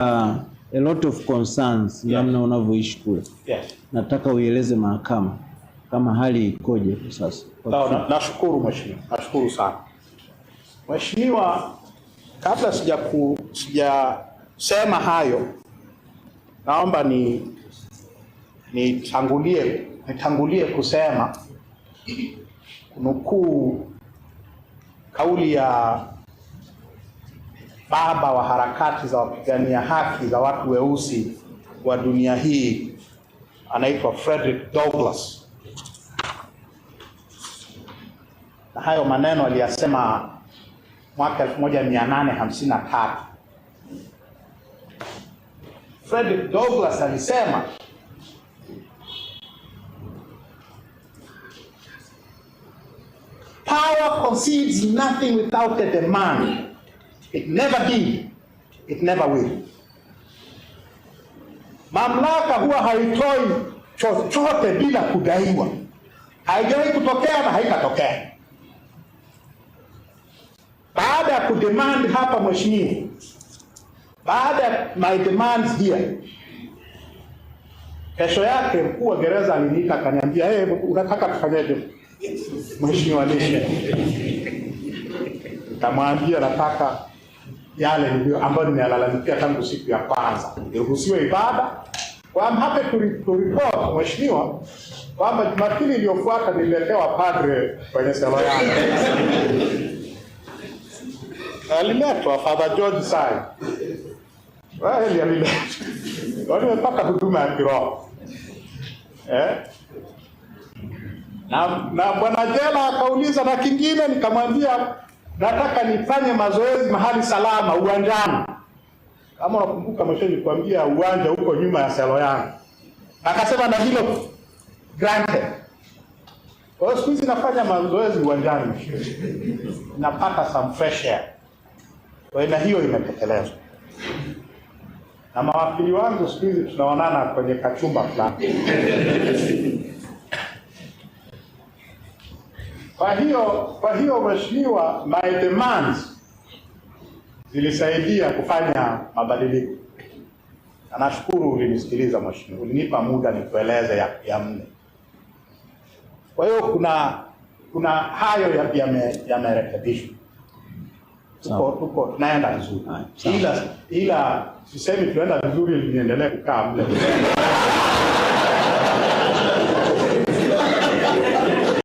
Uh, a lot of concerns namna yeah, unavyoishi kule yes. Nataka uieleze mahakama kama hali ikoje kwa sasa. Nashukuru mheshimiwa, nashukuru sana mheshimiwa. Kabla sija sijasema hayo, naomba ni nitangulie nitangulie kusema kunukuu kauli ya baba wa harakati za wapigania haki za watu weusi wa dunia hii, anaitwa Frederick Douglass, na hayo maneno aliyasema mwaka 1853. Frederick Douglass alisema power concedes nothing without a demand It never did. It never will. Mamlaka huwa haitoi chochote bila kudaiwa. Haijawahi kutokea na haitatokea. Baada ya kudemand hapa, mheshimiwa, baada ya my demands here, kesho yake mkuu wa gereza aliniita akaniambia, hey, eh, unataka tufanyeje mheshimiwa Nikamwambia nataka yale ndio ambayo nimeyalalamikia tangu siku ya kwanza. iruhusiwe ibada kwamba hapa tuliripoti mheshimiwa kwamba Jumapili iliyofuata nililetewa padre kwenye selo yake aliletwa Father George Sai kweli aliletwa, nimepata huduma ya kiroho eh? na na bwana jela akauliza na kingine, nikamwambia nataka nifanye mazoezi mahali salama, uwanjani. Kama unakumbuka mwisho nilikwambia uwanja huko nyuma ya selo yangu, akasema na hilo granted. Kwa hiyo siku hizi nafanya mazoezi uwanjani, napata some fresh air. Kwa hiyo na hiyo imetekelezwa na mawakili wangu siku hizi tunaonana kwenye kachumba fulani Kwa hiyo kwa hiyo, mheshimiwa, my demands zilisaidia kufanya mabadiliko. Nashukuru ulinisikiliza mheshimiwa, ulinipa muda nikueleze ya, ya mne. Kwa hiyo kuna kuna hayo yamerekebishwa, ya tuko tuko tunaenda vizuri, ila ila sisemi tunaenda vizuri, niendelee kukaa mle